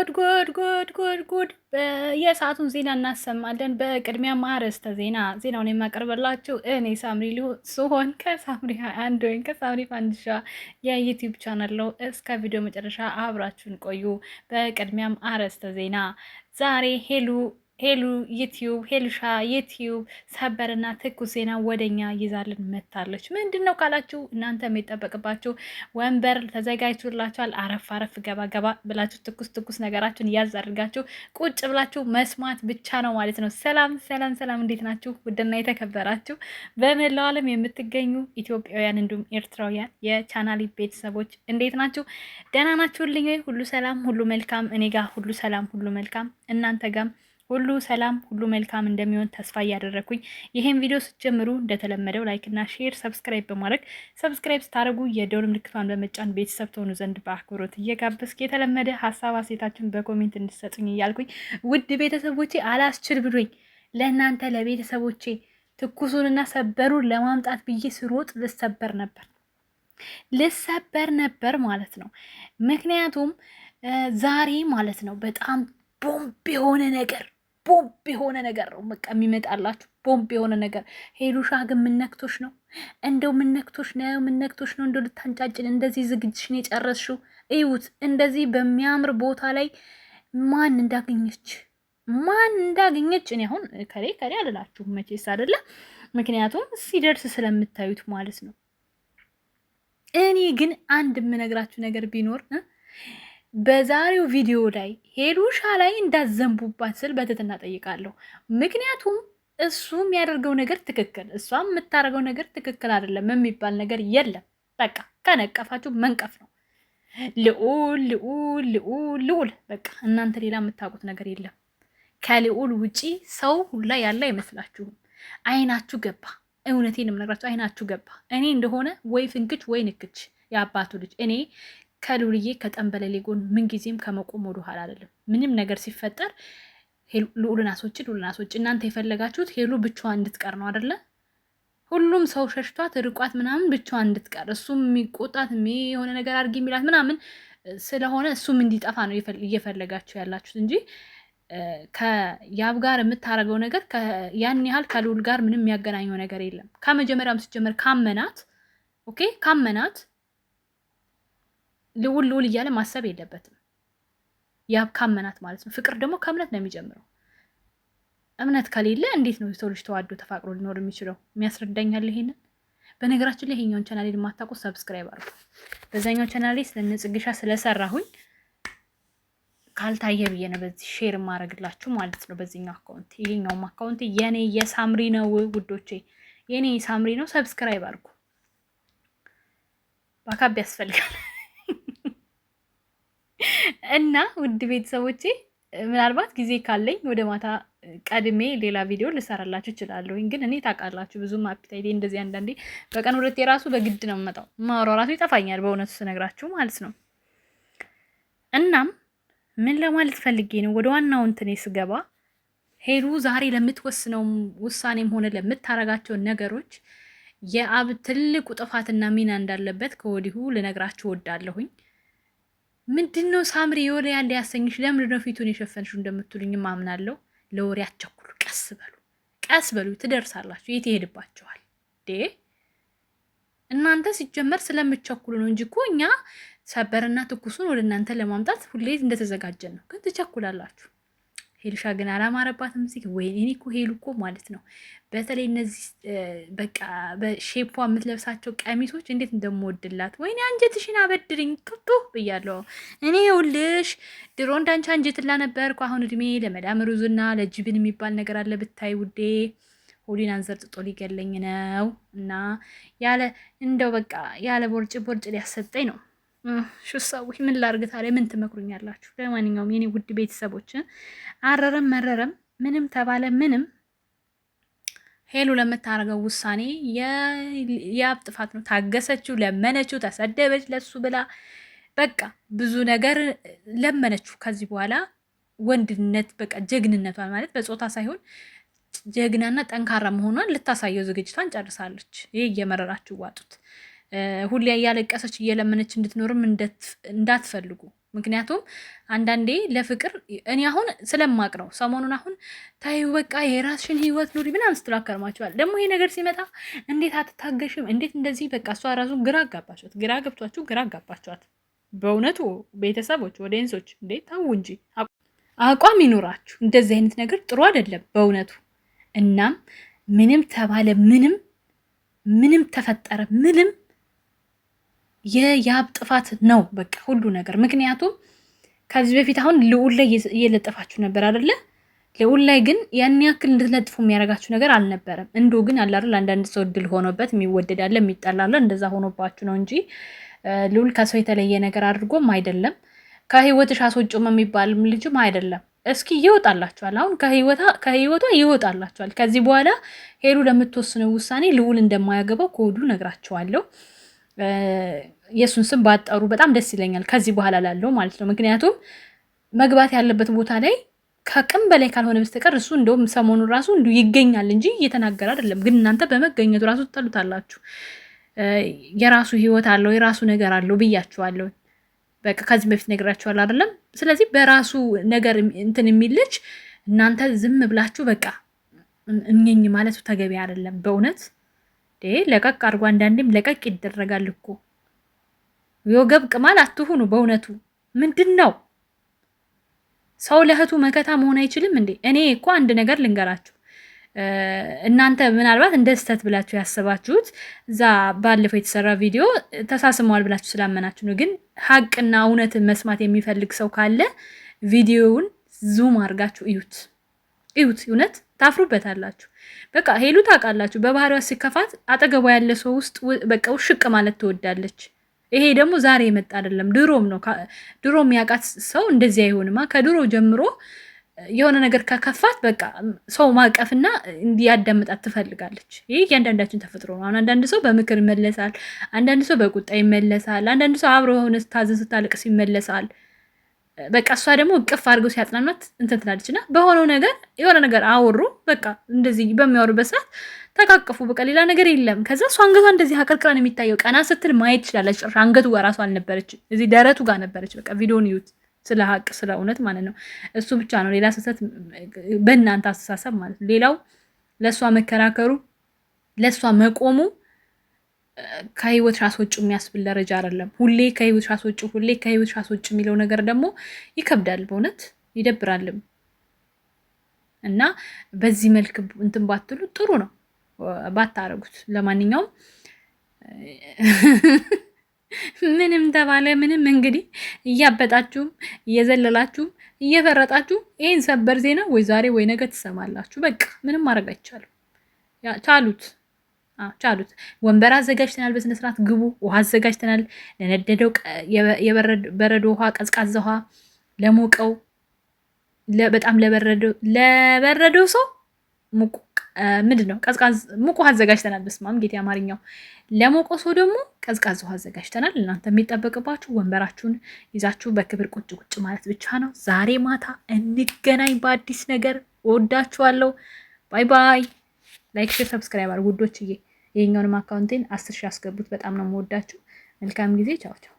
ጉድ ጉድ ጉድ ጉድ ጉድ! የሰዓቱን ዜና እናሰማለን። በቅድሚያ ማረስተ ዜና። ዜናውን የማቀርበላችሁ እኔ ሳምሪ ሲሆን ከሳምሪ አንድ ወይም ከሳምሪ ፋንድሻ የዩቲዩብ ቻናል ነው። እስከ ቪዲዮ መጨረሻ አብራችሁን ቆዩ። በቅድሚያም አረስተ ዜና ዛሬ ሄሉ ሄሉ ዩቲዩብ ሄሉሻ ዩቲዩብ ሰበርና ትኩስ ዜና ወደኛ ይዛልን መታለች። ምንድን ነው ካላችሁ እናንተ የሚጠበቅባችሁ ወንበር ተዘጋጅቶላችኋል። አረፍ አረፍ ገባ ገባ ብላችሁ ትኩስ ትኩስ ነገራችሁን ያዝ አድርጋችሁ ቁጭ ብላችሁ መስማት ብቻ ነው ማለት ነው። ሰላም ሰላም ሰላም፣ እንዴት ናችሁ? ውድና የተከበራችሁ በመላው ዓለም የምትገኙ ኢትዮጵያውያን እንዲሁም ኤርትራውያን የቻናሊ ቤተሰቦች እንዴት ናችሁ? ደህና ናችሁልኝ? ሁሉ ሰላም ሁሉ መልካም እኔ ጋር ሁሉ ሰላም ሁሉ መልካም እናንተ ጋም ሁሉ ሰላም ሁሉ መልካም እንደሚሆን ተስፋ እያደረግኩኝ ይህን ቪዲዮ ስትጀምሩ እንደተለመደው ላይክና ሼር ሰብስክራይብ በማድረግ ሰብስክራይብ ስታደርጉ የደውል ምልክቷን በመጫን ቤተሰብ ትሆኑ ዘንድ በአክብሮት እየጋበዝኩ የተለመደ ሀሳብ አሴታችን በኮሜንት እንድሰጡኝ እያልኩኝ ውድ ቤተሰቦቼ አላስችል ብሎኝ ለእናንተ ለቤተሰቦቼ ትኩሱንና ሰበሩን ለማምጣት ብዬ ስሮጥ ልሰበር ነበር ልሰበር ነበር ማለት ነው። ምክንያቱም ዛሬ ማለት ነው በጣም ቦምብ የሆነ ነገር ቦምብ የሆነ ነገር ነው በቃ የሚመጣላችሁ፣ ቦምብ የሆነ ነገር። ሄሉሻ ግን ምነክቶች ነው እንደው ምነክቶች ነው ምነክቶች ነው እንደው ልታንጫጭን እንደዚህ ዝግጅሽን የጨረስሽው እዩት። እንደዚህ በሚያምር ቦታ ላይ ማን እንዳገኘች ማን እንዳገኘች። እኔ አሁን ከሬ ከሬ አልላችሁም መቼስ አይደለ፣ ምክንያቱም ሲደርስ ስለምታዩት ማለት ነው። እኔ ግን አንድ የምነግራችሁ ነገር ቢኖር በዛሬው ቪዲዮ ላይ ሄሉሻ ላይ እንዳዘንቡባት ስል በትህትና ጠይቃለሁ። ምክንያቱም እሱ የሚያደርገው ነገር ትክክል፣ እሷም የምታደርገው ነገር ትክክል አይደለም የሚባል ነገር የለም። በቃ ከነቀፋችሁ መንቀፍ ነው። ልዑል ልዑል ልዑል ልዑል፣ በቃ እናንተ ሌላ የምታውቁት ነገር የለም። ከልዑል ውጪ ሰው ሁላ ያለ አይመስላችሁም። አይናችሁ ገባ። እውነቴን የምነግራችሁ አይናችሁ ገባ። እኔ እንደሆነ ወይ ፍንክች ወይ ንክች የአባቱ ልጅ እኔ ከሉልዬ ከጠንበለሌ ጎን ምንጊዜም ከመቆም ኋላ አይደለም። ምንም ነገር ሲፈጠር ልዑልን አስወጪ፣ ልዑልን እናንተ የፈለጋችሁት ሄሉ ብቻዋን እንድትቀር ነው አደለ? ሁሉም ሰው ሸሽቷት ርቋት ምናምን ብቻዋን እንድትቀር እሱም የሚቆጣት የሆነ ነገር አድርጊ የሚላት ምናምን ስለሆነ እሱም እንዲጠፋ ነው እየፈለጋችሁ ያላችሁት እንጂ ከያብ ጋር የምታደርገው ነገር ያን ያህል ከልዑል ጋር ምንም የሚያገናኘው ነገር የለም። ከመጀመሪያም ስትጀመር ካመናት ኦኬ ካመናት ልውል ልውል እያለ ማሰብ የለበትም። ያ ካመናት ማለት ነው። ፍቅር ደግሞ ከእምነት ነው የሚጀምረው። እምነት ከሌለ እንዴት ነው የሰው ልጅ ተዋዶ ተፋቅሮ ሊኖር የሚችለው? የሚያስረዳኛል ይሄንን። በነገራችን ላይ ይሄኛውን ቻናሌ የማታውቁ ሰብስክራይብ አርጉ። በዛኛው ቻናሌ ስለነጽግሻ ስለሰራሁኝ ካልታየ ብዬ ነው በዚህ ሼር ማድረግላችሁ ማለት ነው። በዚህኛው አካውንት ይሄኛውም አካውንት የኔ የሳምሪ ነው ውዶቼ፣ የኔ የሳምሪ ነው። ሰብስክራይብ አርጉ። በአካባቢ ያስፈልጋል እና ውድ ቤተሰቦቼ ምናልባት ጊዜ ካለኝ ወደ ማታ ቀድሜ ሌላ ቪዲዮ ልሰራላችሁ እችላለሁኝ። ግን እኔ ታውቃላችሁ ብዙም አፒታይቴ እንደዚህ አንዳንዴ በቀን ሁለቴ ራሱ በግድ ነው የምመጣው። ማውራራቱ ይጠፋኛል በእውነቱ ስነግራችሁ ማለት ነው። እናም ምን ለማለት ፈልጌ ነው ወደ ዋናው እንትኔ ስገባ ሄሉ ዛሬ ለምትወስነው ውሳኔም ሆነ ለምታረጋቸው ነገሮች የአብ ትልቁ ጥፋትና ሚና እንዳለበት ከወዲሁ ልነግራችሁ ወዳለሁኝ። ምንድን ነው ሳምሪ የወሬ ያለ ያሰኝሽ? ለምንድን ነው ፊቱን የሸፈንሽ እንደምትሉኝ ማምናለው። ለወሬ አትቸኩሉ፣ ቀስ በሉ፣ ቀስ በሉ። ትደርሳላችሁ። የት ይሄድባችኋል ዴ እናንተ ሲጀመር ስለምቸኩሉ ነው እንጂ እኮ እኛ ሰበርና ትኩሱን ወደ እናንተ ለማምጣት ሁሌ እንደተዘጋጀን ነው። ግን ትቸኩላላችሁ። ሄልሻ ግን አላማረባትም። ሲ ወይ እኔ እኮ ሄሉ እኮ ማለት ነው በተለይ እነዚህ በቃ በሼፖ የምትለብሳቸው ቀሚሶች እንዴት እንደምወድላት ወይኔ አንጀትሽን አበድርኝ ክቶ ብያለሁ። እኔ ውልሽ ድሮ እንዳንቺ አንጀትላ ነበርኩ። አሁን እድሜ ለመዳም ሩዝና ለጅብን የሚባል ነገር አለ ብታይ ውዴ ሆዴን አንዘርጥጦ ሊገለኝ ነው እና ያለ እንደው በቃ ያለ ቦርጭ ቦርጭ ሊያሰጠኝ ነው። ሹሳዊ ምን ላርግ ታዲያ? ምን ትመክሩኛላችሁ? ለማንኛውም የኔ ውድ ቤተሰቦች አረረም መረረም ምንም ተባለ ምንም ሄሉ ለምታደርገው ውሳኔ የአብ ጥፋት ነው። ታገሰችው፣ ለመነችው፣ ተሰደበች ለሱ ብላ በቃ ብዙ ነገር ለመነችው። ከዚህ በኋላ ወንድነት በቃ ጀግንነቷን ማለት በጾታ ሳይሆን ጀግናና ጠንካራ መሆኗን ልታሳየው ዝግጅቷን ጨርሳለች። ይህ እየመረራችሁ ዋጡት። ሁሌ እያለቀሰች እየለመነች እንድትኖርም እንዳትፈልጉ። ምክንያቱም አንዳንዴ ለፍቅር እኔ አሁን ስለማቅ ነው። ሰሞኑን አሁን ታይ በቃ የራስሽን ህይወት ኑሪ ምናምን ስትሉ አከርማችኋል። ደግሞ ይሄ ነገር ሲመጣ እንዴት አትታገሽም? እንዴት እንደዚህ በቃ እሷ ራሱ ግራ አጋባችኋት፣ ግራ ገብቷችሁ፣ ግራ አጋባቸዋት። በእውነቱ ቤተሰቦች፣ ወደንሶች እንዴት ታው እንጂ አቋም ይኖራችሁ። እንደዚህ አይነት ነገር ጥሩ አይደለም በእውነቱ። እናም ምንም ተባለ ምንም ምንም ተፈጠረ ምንም የያብ ጥፋት ነው በቃ ሁሉ ነገር። ምክንያቱም ከዚህ በፊት አሁን ልዑል ላይ እየለጠፋችሁ ነበር አደለ? ልዑል ላይ ግን ያን ያክል እንድትለጥፉ የሚያደርጋችሁ ነገር አልነበረም። እንዶ ግን አላርል አንዳንድ ሰው እድል ሆኖበት የሚወደዳለ የሚጠላለ እንደዛ ሆኖባችሁ ነው እንጂ ልዑል ከሰው የተለየ ነገር አድርጎም አይደለም። ከህይወትሽ አስወጪውም የሚባልም ልጅም አይደለም። እስኪ ይወጣላችኋል። አሁን ከህይወቷ ይወጣላችኋል። ከዚህ በኋላ ሄሉ ለምትወስነው ውሳኔ ልዑል እንደማያገባው ከወዱ ነግራችኋለሁ። የእሱን ስም ባጠሩ በጣም ደስ ይለኛል፣ ከዚህ በኋላ ላለው ማለት ነው። ምክንያቱም መግባት ያለበት ቦታ ላይ ከቅም በላይ ካልሆነ በስተቀር እሱ እንደውም ሰሞኑ ራሱ እንዲሁ ይገኛል እንጂ እየተናገረ አይደለም። ግን እናንተ በመገኘቱ ራሱ ትጠሉታላችሁ። የራሱ ህይወት አለው፣ የራሱ ነገር አለው ብያችኋለሁ። በቃ ከዚህ በፊት ነግራችኋል አይደለም? ስለዚህ በራሱ ነገር እንትን የሚል ልጅ እናንተ ዝም ብላችሁ በቃ እኝኝ ማለቱ ተገቢ አይደለም በእውነት ለቀቅ አድርጎ አንዳንዴም ለቀቅ ይደረጋል እኮ የወገብ ቅማል አትሁኑ። በእውነቱ ምንድን ነው ሰው ለእህቱ መከታ መሆን አይችልም እንዴ? እኔ እኮ አንድ ነገር ልንገራችሁ። እናንተ ምናልባት እንደ ስህተት ብላችሁ ያሰባችሁት እዛ ባለፈው የተሰራ ቪዲዮ ተሳስመዋል ብላችሁ ስላመናችሁ ነው። ግን ሀቅና እውነትን መስማት የሚፈልግ ሰው ካለ ቪዲዮውን ዙም አድርጋችሁ እዩት፣ እዩት እውነት ታፍሩበታላችሁ። በቃ ሄሉ ታውቃላችሁ፣ በባህሪዋ ሲከፋት አጠገቧ ያለ ሰው ውስጥ በቃ ውሽቅ ማለት ትወዳለች። ይሄ ደግሞ ዛሬ የመጣ አይደለም፣ ድሮም ነው። ድሮ የሚያውቃት ሰው እንደዚህ አይሆንማ። ከድሮ ጀምሮ የሆነ ነገር ከከፋት በቃ ሰው ማቀፍና እንዲያዳምጣት ትፈልጋለች። ይህ እያንዳንዳችን ተፈጥሮ ነው። አሁን አንዳንድ ሰው በምክር ይመለሳል፣ አንዳንድ ሰው በቁጣ ይመለሳል፣ አንዳንድ ሰው አብሮ የሆነ ስታዝን ስታለቅስ ይመለሳል። በቃ እሷ ደግሞ እቅፍ አድርገው ሲያጽናኗት እንትን ትላለች እና በሆነው ነገር የሆነ ነገር አወሩ። በቃ እንደዚህ በሚያወሩበት ሰዓት ተቃቀፉ። በቃ ሌላ ነገር የለም። ከዛ እሷ አንገቷ እንደዚህ አቀርቅራ ነው የሚታየው። ቀና ስትል ማየት ትችላለች። አንገቱ ጋር ራሱ አልነበረች፣ እዚህ ደረቱ ጋር ነበረች። በቃ ቪዲዮን ይዩት፣ ስለ ሀቅ ስለ እውነት ማለት ነው። እሱ ብቻ ነው ሌላ ስህተት በእናንተ አስተሳሰብ ማለት ነው። ሌላው ለእሷ መከራከሩ ለእሷ መቆሙ ከህይወት ራስ ውጭ የሚያስብል ደረጃ አይደለም። ሁሌ ከህይወት ራስ ውጭ፣ ሁሌ ከህይወት ራስ ውጭ የሚለው ነገር ደግሞ ይከብዳል፣ በእውነት ይደብራልም። እና በዚህ መልክ እንትን ባትሉ ጥሩ ነው ባታረጉት። ለማንኛውም ምንም ተባለ ምንም እንግዲህ እያበጣችሁም እየዘለላችሁም እየፈረጣችሁ ይህን ሰበር ዜና ወይ ዛሬ ወይ ነገ ትሰማላችሁ። በቃ ምንም ማድረግ አይቻልም። ቻሉት። ቻሉት። ወንበር አዘጋጅተናል፣ በስነ ስርዓት ግቡ። ውሃ አዘጋጅተናል፣ ለነደደው የበረዶ ውሃ፣ ቀዝቃዛ ውሃ፣ ለሞቀው በጣም ለበረደው ሰው ምንድን ነው ሙቅ ውሃ አዘጋጅተናል። በስማም ጌታ አማርኛው። ለሞቀው ሰው ደግሞ ቀዝቃዛ ውሃ አዘጋጅተናል። እናንተ የሚጠበቅባችሁ ወንበራችሁን ይዛችሁ በክብር ቁጭ ቁጭ ማለት ብቻ ነው። ዛሬ ማታ እንገናኝ በአዲስ ነገር። እወዳችኋለሁ። ባይ ባይ። ላይክ፣ ሼር፣ ሰብስክራይብ አድርጉ ውዶችዬ። ይሄኛውንም አካውንቴን አስር ሺ ያስገቡት። በጣም ነው የምወዳችሁ። መልካም ጊዜ። ቻው ቻው።